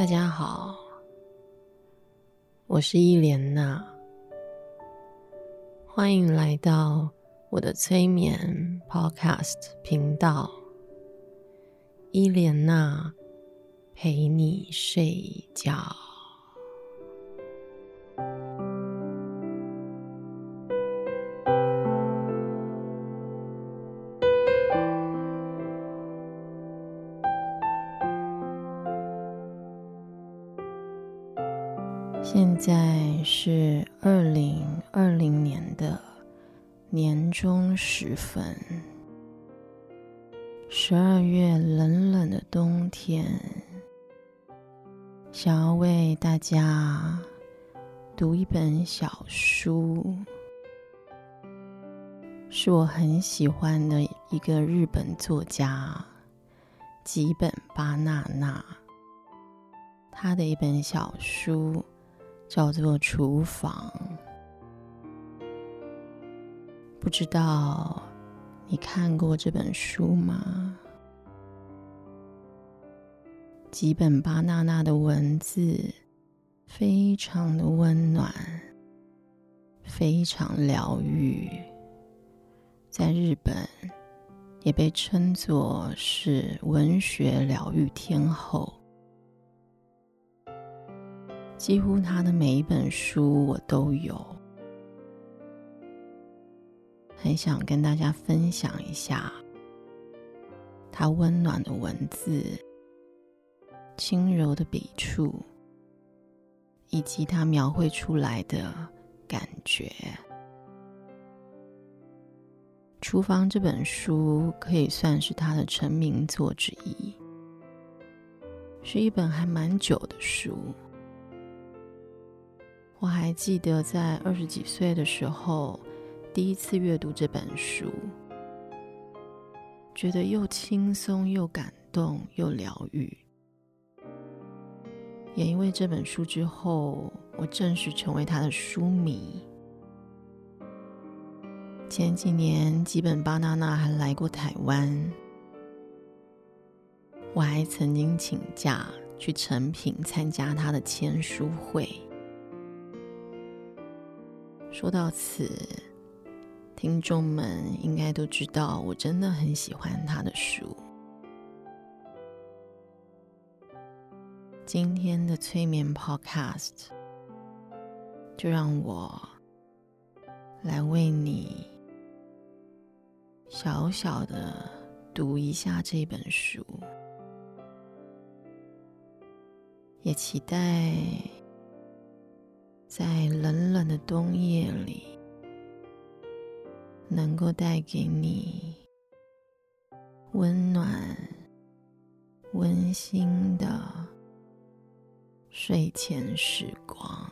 大家好，我是伊蓮娜，歡迎來到我的催眠 Podcast 頻道，伊蓮娜陪你睡覺。現在是二零二零年的年終時分，十二月冷冷的冬天，想要為大家讀一本小書，是我很喜歡的一個日本作家吉本芭娜娜他的一本小書。叫做廚房，不知道你看過這本書嗎？吉本芭娜娜的文字非常的溫暖，非常療癒，在日本也被稱作是文學療癒天後。幾乎他的每一本書我都有，很想跟大家分享一下他溫暖的文字、輕柔的筆觸，以及他描繪出來的感覺。《廚房》這本書可以算是他的成名作之一，是一本還蠻久的書。我還記得在二十幾歲的時候，第一次閱讀這本書，覺得又輕鬆又感動又療癒。也因為這本書之後，我正式成為他的書迷。前幾年，吉本芭娜娜還來過台灣，我還曾經請假去誠品參加他的簽書會。說到此，聽眾們應該都知道，我真的很喜歡他的書。今天的催眠 Podcast，就讓我來為你小小的讀一下這本書，也期待。在冷冷的冬夜裡，能夠帶給你溫暖、溫馨的睡前時光。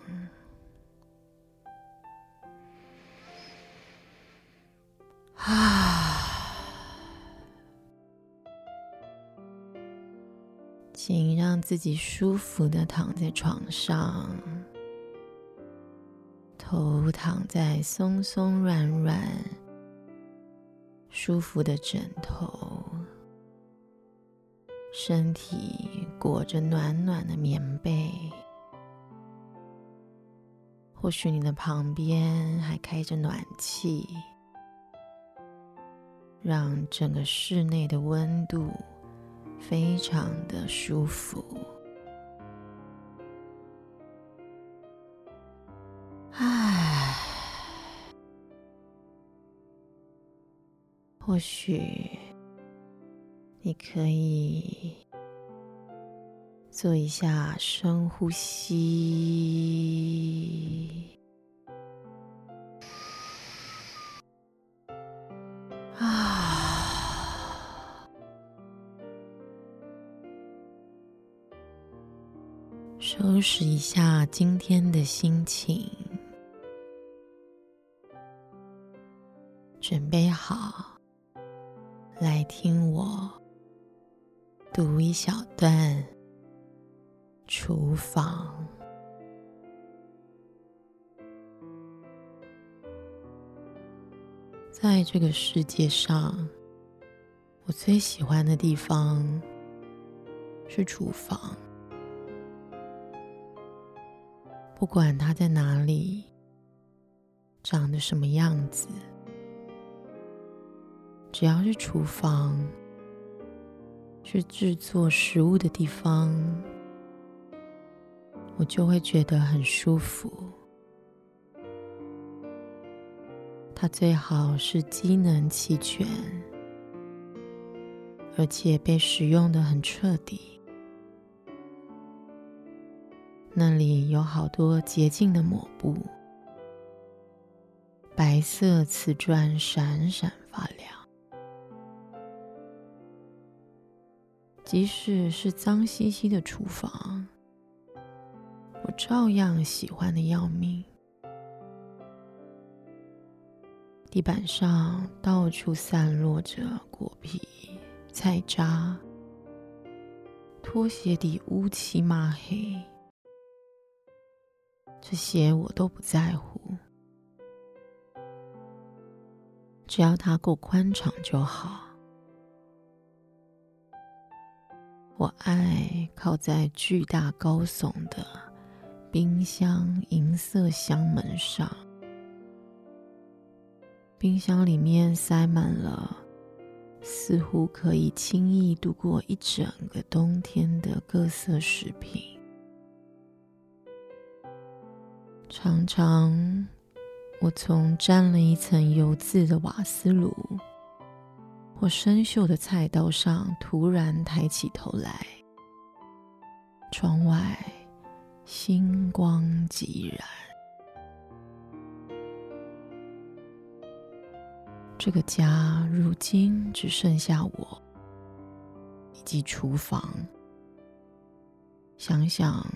啊，請讓自己舒服地躺在床上。頭躺在鬆鬆軟軟、舒服的枕頭，身體裹着暖暖的棉被，或許你的旁邊還開着暖氣，讓整個室內的溫度非常的舒服。或許你可以做一下深呼吸，啊，收拾一下今天的心情。來聽我讀一小段。廚房，在這個世界上，我最喜歡的地方是廚房，不管它在哪裡，長得什麼樣子。只要是廚房，是製作食物的地方，我就會覺得很舒服。它最好是機能齊全，而且被使用的很徹底。那裡有好多潔淨的抹布，白色瓷磚閃閃發亮。即使是髒兮兮的廚房，我照樣喜歡的要命。地板上到處散落着果皮、菜渣，拖鞋底烏漆抹黑，這些我都不在乎，只要它夠寬敞就好。我愛靠在巨大高聳的冰箱銀色箱門上，冰箱裡面塞滿了似乎可以輕易度過一整個冬天的各色食品。常常，我從沾了一層油漬的瓦斯爐，或生鏽的菜刀上，突然抬起頭來。窗外，星光寂然。這個家如今只剩下我以及廚房。想想，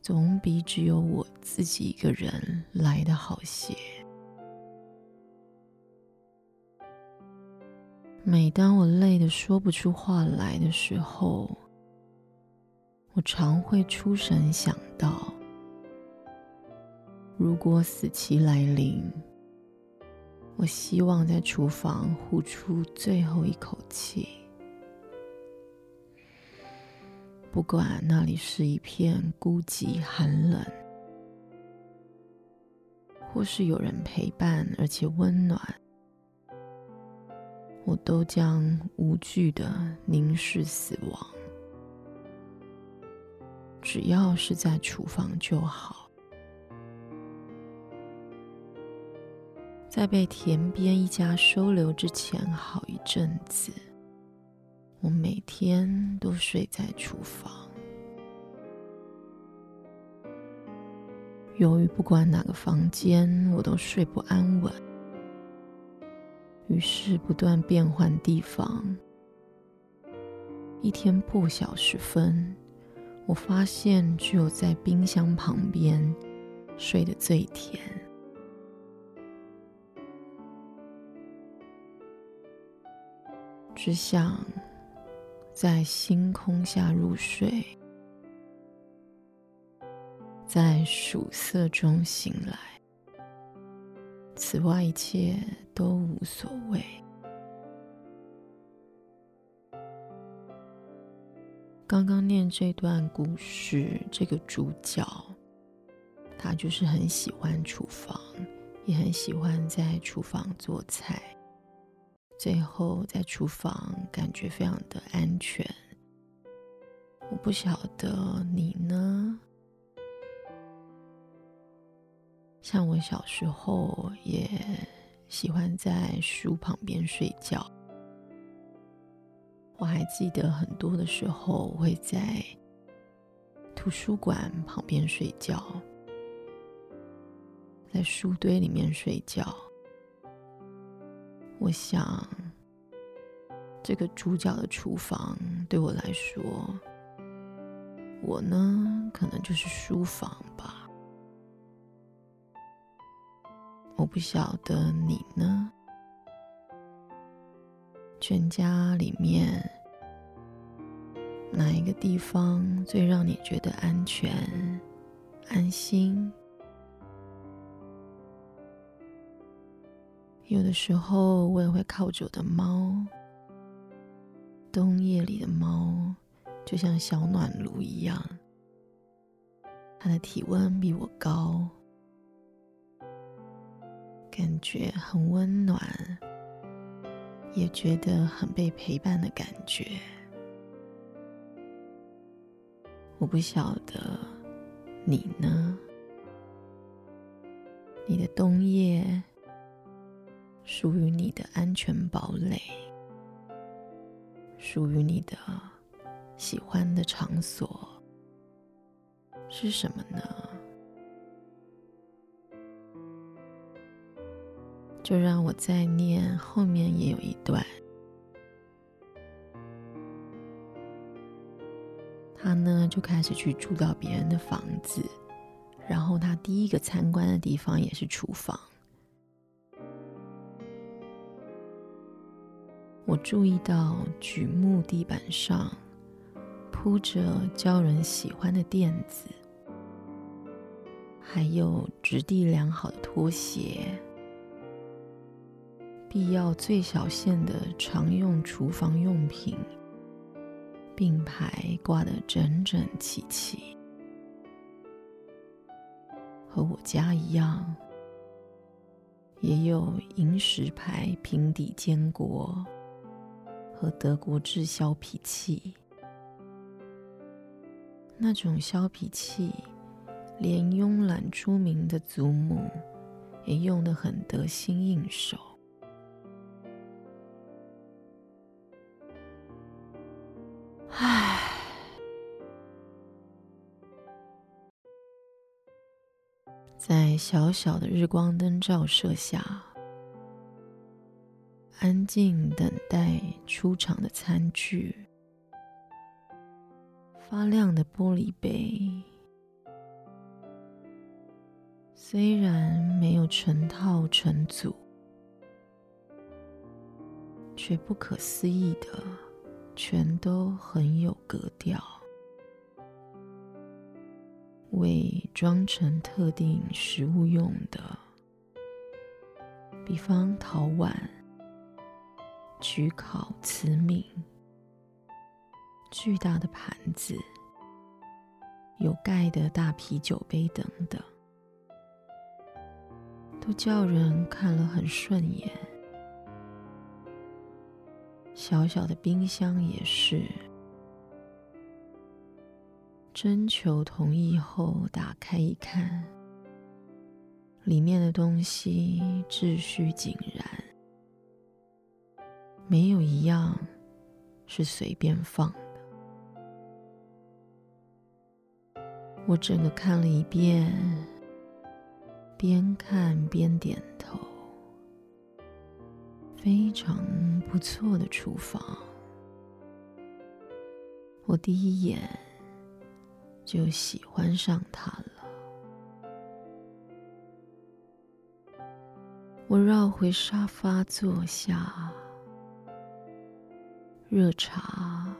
總比只有我自己一個人來得好些。每當我累得說不出話來的時候，我常會出神想到：如果死期來臨，我希望在廚房呼出最後一口氣。不管那裡是一片孤寂寒冷，或是有人陪伴，而且溫暖。我都將無懼的凝視死亡，只要是在廚房就好。在被田邊一家收留之前好一陣子，我每天都睡在廚房。由於不管哪個房間，我都睡不安穩。於是不斷變換地方。一天破曉時分，我發現只有在冰箱旁邊睡得最甜，只想在星空下入睡，在曙色中醒來。此外，一切都無所謂。剛剛念這段故事，這個主角他就是很喜歡廚房，也很喜歡在廚房做菜。最後，在廚房感覺非常的安全。我不曉得你呢？像我小時候也喜歡在書旁邊睡覺，我還記得很多的時候我會在圖書館旁邊睡覺，在書堆裡面睡覺。我想，這個主角的廚房對我來說，我呢，可能就是書房。我不曉得你呢，全家裡面哪一個地方最讓你覺得安全、安心？有的時候我也會靠着我的貓，冬夜裡的貓就像小暖爐一樣，它的體溫比我高。感覺很溫暖，也覺得很被陪伴的感覺。我不曉得你呢？你的冬夜屬於你的安全堡壘，屬於你的喜歡的場所，是什麼呢？就讓我再念後面也有一段，他呢，就開始去住到別人的房子，然後他第一個參觀的地方也是廚房。我注意到櫸木地板上鋪着教人喜歡的墊子，還有質地良好的拖鞋。必要最小限的常用廚房用品，並排掛得整整齊齊，和我家一樣，也有銀石牌平底煎鍋和德國製削皮器。那種削皮器，連慵懶出名的祖母也用得很得心應手。唉，在小小的日光燈照射下，安靜等待出場的餐具，發亮的玻璃杯，雖然沒有成套成組，卻不可思議的。全都很有格調，偽裝成特定食物用的，比方陶碗、焗烤瓷皿、巨大的盤子、有蓋的大啤酒杯等等，都叫人看了很順眼。小小的冰箱也是，徵求同意後打開一看，裡面的東西秩序井然，沒有一樣是隨便放的。我整個看了一遍，邊看邊點頭，非常。不錯的廚房，我第一眼就喜歡上它了。我繞回沙發坐下，熱茶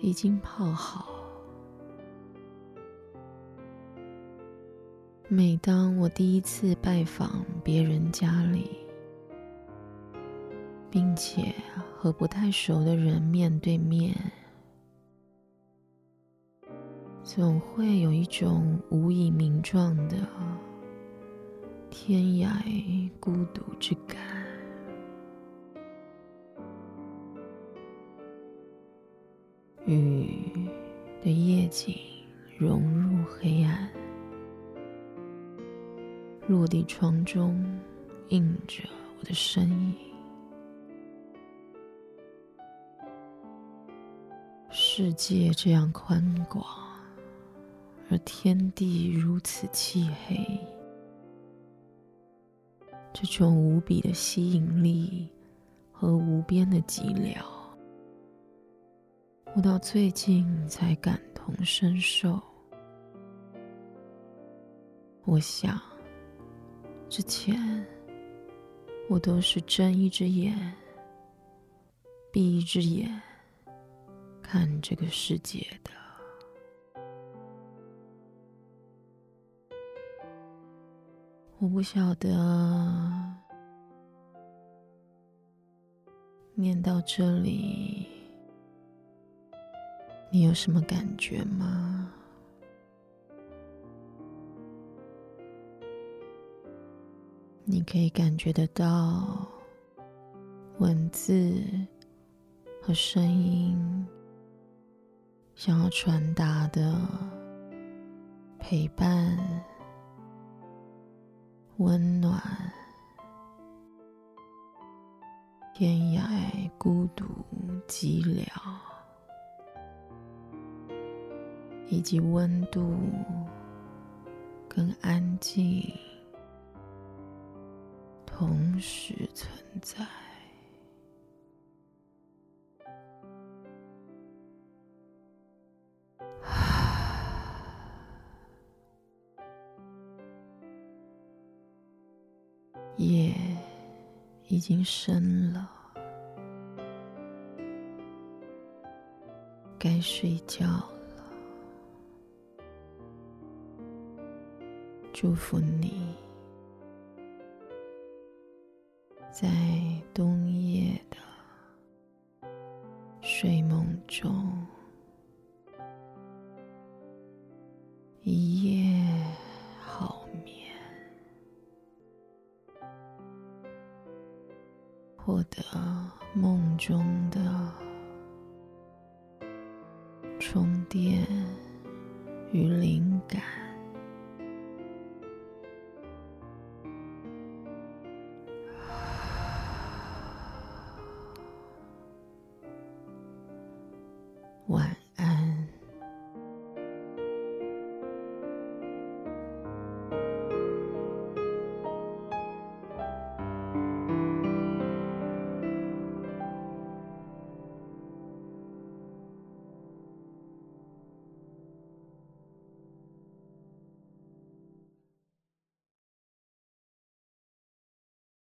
已經泡好。每當我第一次拜訪別人家裡，並且和不太熟的人面對面，總會有一種無以名狀的天涯孤獨之感。雨的夜景融入黑暗，落地窗中映着我的身影。世界這樣寬廣，而天地如此漆黑，這種無比的吸引力和無邊的寂寥，我到最近才感同身受。我想，之前我都是睜一隻眼閉一隻眼。看這個世界的，我不曉得。念到這裡，你有什麼感覺嗎？你可以感覺得到文字和聲音。想要傳達的陪伴、溫暖、天涯孤獨寂寥，以及溫度跟安靜同時存在。已經深了，該睡覺了。祝福你，在冬夜的。